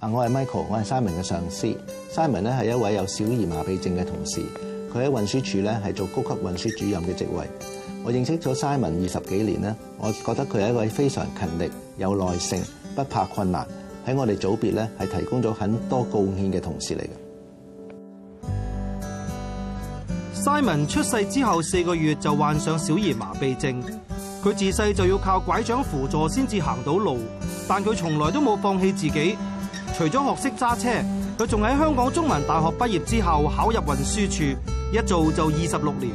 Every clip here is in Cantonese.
啊，我係 Michael，我係 Simon 嘅上司。Simon 咧係一位有小兒麻痹症嘅同事，佢喺運輸署咧係做高級運輸主任嘅職位。我認識咗 Simon 二十幾年咧，我覺得佢係一位非常勤力、有耐性、不怕困難，喺我哋組別咧係提供咗很多貢獻嘅同事嚟嘅。Simon 出世之後四個月就患上小兒麻痹症，佢自細就要靠拐杖輔助先至行到路，但佢從來都冇放棄自己。除咗學識揸車，佢仲喺香港中文大學畢業之後考入運輸署，一做就二十六年。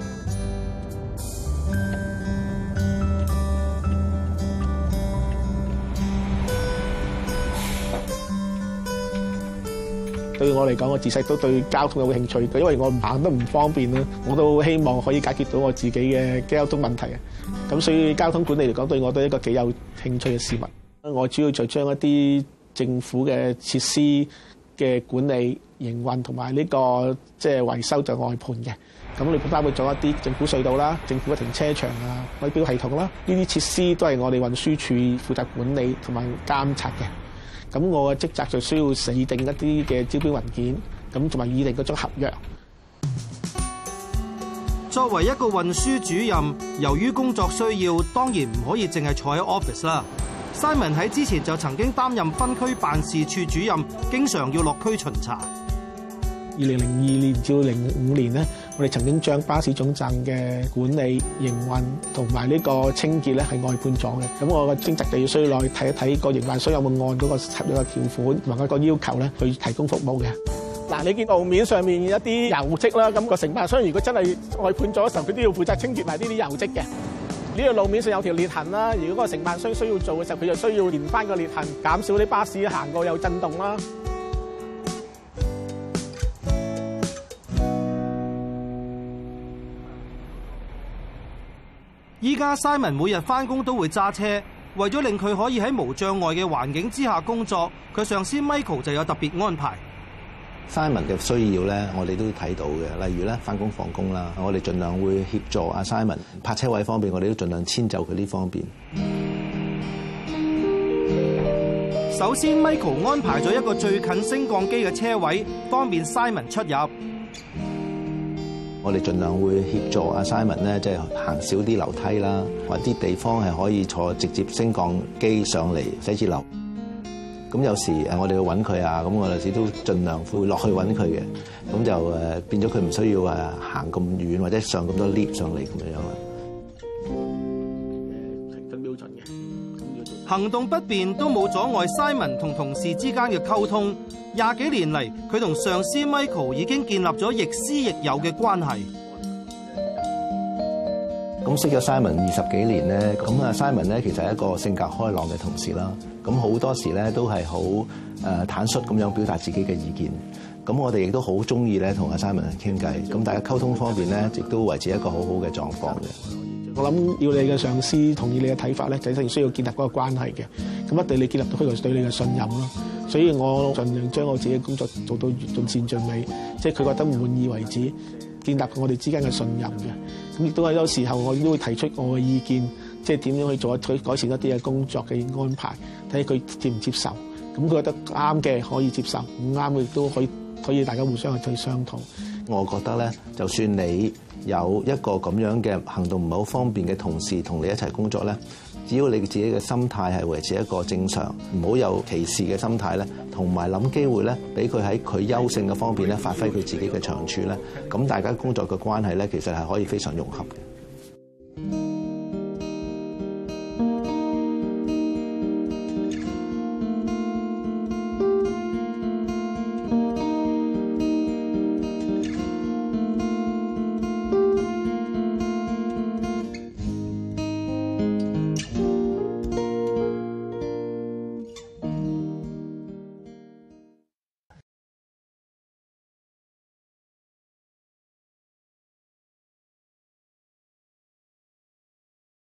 對我嚟講，我自細都對交通有興趣，因為我行得唔方便啦，我都希望可以解決到我自己嘅交通問題。咁所以交通管理嚟講，對我都係一個幾有興趣嘅事物。我主要就將一啲。政府嘅設施嘅管理營運同埋呢個即係維修就外判嘅。咁你包括咗一啲政府隧道啦、政府嘅停車場啊、位標系統啦，呢啲設施都係我哋運輸署負責管理同埋監察嘅。咁我嘅職責就需要擬定一啲嘅招標文件，咁同埋擬定嗰張合約。作為一個運輸主任，由於工作需要，當然唔可以淨係坐喺 office 啦。Simon 喺之前就曾經擔任分區辦事處主任，經常要落區巡查。二零零二年至到零五年咧，我哋曾經將巴士總站嘅管理、營運同埋呢個清潔咧係外判咗嘅。咁我嘅職責就要需要落去睇一睇個營辦商有冇按嗰個合約條款同埋嗰個要求咧去提供服務嘅。嗱，你見路面上面一啲油漬啦，咁、那個承辦商如果真係外判咗嘅時候，佢都要負責清潔埋呢啲油漬嘅。呢、這個路面上有條裂痕啦，如果嗰個承辦商需要做嘅時候，佢就，就需要連翻個裂痕，減少啲巴士行過有震動啦。依家 Simon 每日翻工都會揸車，為咗令佢可以喺無障礙嘅環境之下工作，佢上司 Michael 就有特別安排。Simon 嘅需要咧，我哋都睇到嘅，例如咧翻工放工啦，我哋盡量會協助阿 Simon 泊車位方面，我哋都盡量遷就佢呢方面。首先，Michael 安排咗一個最近升降機嘅車位，方便 Simon 出入。我哋盡量會協助阿 Simon 咧，即係行少啲樓梯啦，或啲地方係可以坐直接升降機上嚟寫字樓。咁有時我哋要揾佢啊，咁我哋始都盡量會落去揾佢嘅，咁就誒變咗佢唔需要行咁遠或者上咁多 lift 上嚟咁嘅樣啦。行動不便都冇阻礙 Simon 同同事之間嘅溝通。廿幾年嚟，佢同上司 Michael 已經建立咗亦師亦友嘅關係。咁識咗 Simon 二十幾年咧，咁啊 Simon 咧，其實係一個性格開朗嘅同事啦。咁好多時咧都係好誒坦率咁樣表達自己嘅意見。咁我哋亦都好中意咧同阿 Simon 傾偈。咁大家溝通方面咧，亦都維持一個好好嘅狀況嘅。我諗要你嘅上司同意你嘅睇法咧，就一定需要建立嗰個關係嘅。咁一定你建立到佢對你嘅信任咯。所以我盡量將我自己嘅工作做到盡善盡美，即係佢覺得唔滿意為止，建立我哋之間嘅信任嘅。咁亦都係有時候我都會提出我嘅意見。即係點樣去做？佢改善一啲嘅工作嘅安排，睇下佢接唔接受。咁佢覺得啱嘅可以接受，唔啱嘅都可以可以大家互相去推相討。我覺得咧，就算你有一個咁樣嘅行動唔係好方便嘅同事同你一齊工作咧，只要你自己嘅心態係維持一個正常，唔好有歧視嘅心態咧，同埋諗機會咧，俾佢喺佢優勝嘅方面咧發揮佢自己嘅長處咧，咁大家工作嘅關係咧，其實係可以非常融合嘅。